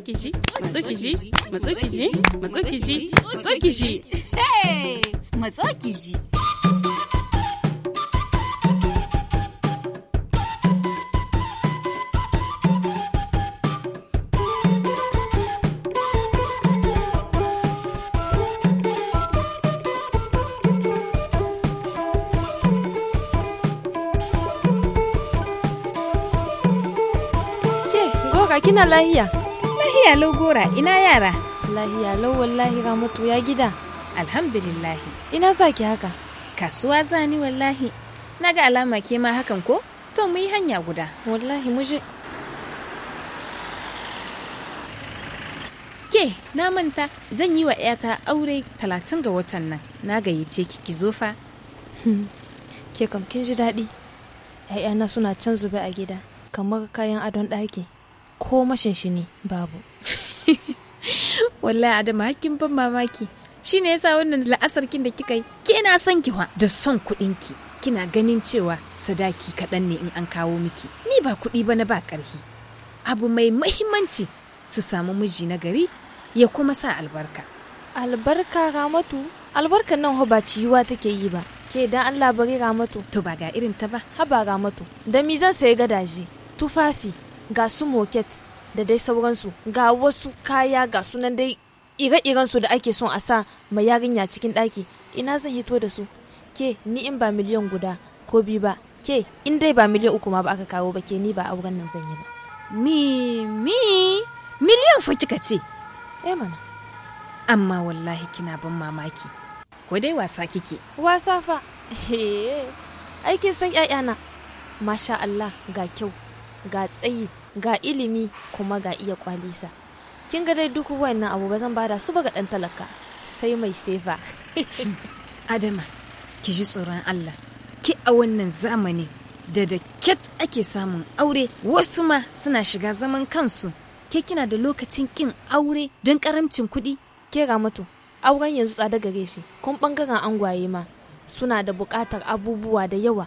Matsukiji, Matsukiji, Matsukiji, Matsukiji, Matsukiji. Hey! aqui na lahiya Lahiya lau gora ina yara. Lahiya lau wallahi ga mutu ya gida. Alhamdulillahi. Ina zaki haka? Kasuwa zani wallahi. na ga alama ke ma hakan ko? To mu yi hanya guda. Wallahi mu Ke, na manta zan yi wa ‘yata aure talatin ga watan nan. Na gayyace ki ki zo fa. Hmm. Ke kam kin ji daɗi. ‘Ya'yana suna can zube a gida, kamar kayan adon ɗaki. ko mashinshini babu wallahi adama hakkin ban mamaki shi ne yasa wannan la'asarkin da kika yi kina son ki wa da son ki. kina ganin cewa sadaki kaɗan ne in an kawo miki ni ba kuɗi ba na ba ƙarfi abu mai mahimmanci su samu miji na gari ya kuma sa albarka albarka ramatu albarkar nan ba ciyuwa take yi ba ke dan Allah bari ramatu to ba ga irin ta ba haba ramatu da mi zan sayi gadaje tufafi ga su moket da dai sauransu ga wasu kaya ga sunan dai ire-iren su da ake son a sa ma yarinya cikin ɗaki ina zan hito da su ke ni in ba miliyan guda ko bi ba ke in dai ba miliyan uku ma ba aka kawo ba ke ni ba auren nan zan yi ba mi mi miliyan fa kika ce eh mana amma wallahi kina ban mamaki ko dai wasa kike wasa fa aikin san 'ya'yana masha Allah ga kyau ga tsayi ga ilimi kuma ga iya kwalisa kin ga dai duk wannan abu ba zan bada su ba ga dan talaka sai mai sefa adama ki ji tsoron allah ki a wannan zamani da da ket ake samun aure wasu ma suna shiga zaman kansu ke kina da lokacin kin aure don karamcin kuɗi ke ga mutu auren yanzu tsada gare shi kun bangaren angwaye ma suna da buƙatar abubuwa da yawa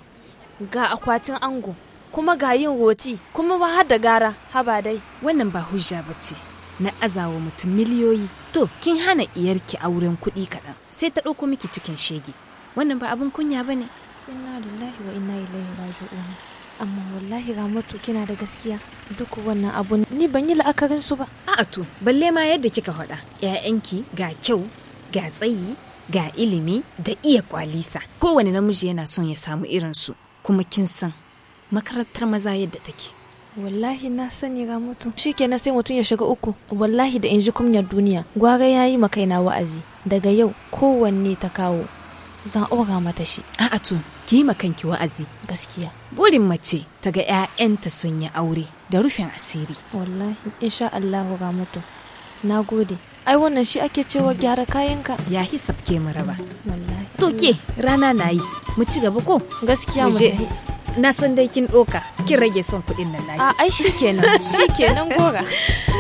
ga akwatin ango kuma ga yin hoti kuma ba har da gara haba dai wannan ba hujja ba ce na azawa mutum miliyoyi to kin hana iyarki auren kuɗi kaɗan sai ta ɗauko miki cikin shege wannan ba abin kunya ba ne inna lillahi wa inna ilaihi raji'un amma wallahi mutu kina da gaskiya duk wannan abun ni ban yi la'akarin su ba a'a to balle ma yadda kika faɗa ƴaƴanki ga kyau ga tsayi ga ilimi da iya kwalisa kowane namiji yana son ya samu irin su kuma kin san makarantar maza yadda take wallahi na sani ga mutum na sai mutum ya shiga uku wallahi da in ji kumyar duniya gwara ya yi kaina wa'azi daga yau kowanne ta kawo zan aura mata shi a'a to ki yi kanki wa'azi gaskiya burin mace ta ga 'ya'yanta sun yi aure da rufin asiri wallahi insha Allah ga mutum na gode ai wannan shi ake cewa gyara kayanka ya hisab sabke mu raba wallahi to ke rana na yi mu ci gaba ko gaskiya mu na san dai kin doka kin rage son kudin nan na a ai shikenan shikenan gora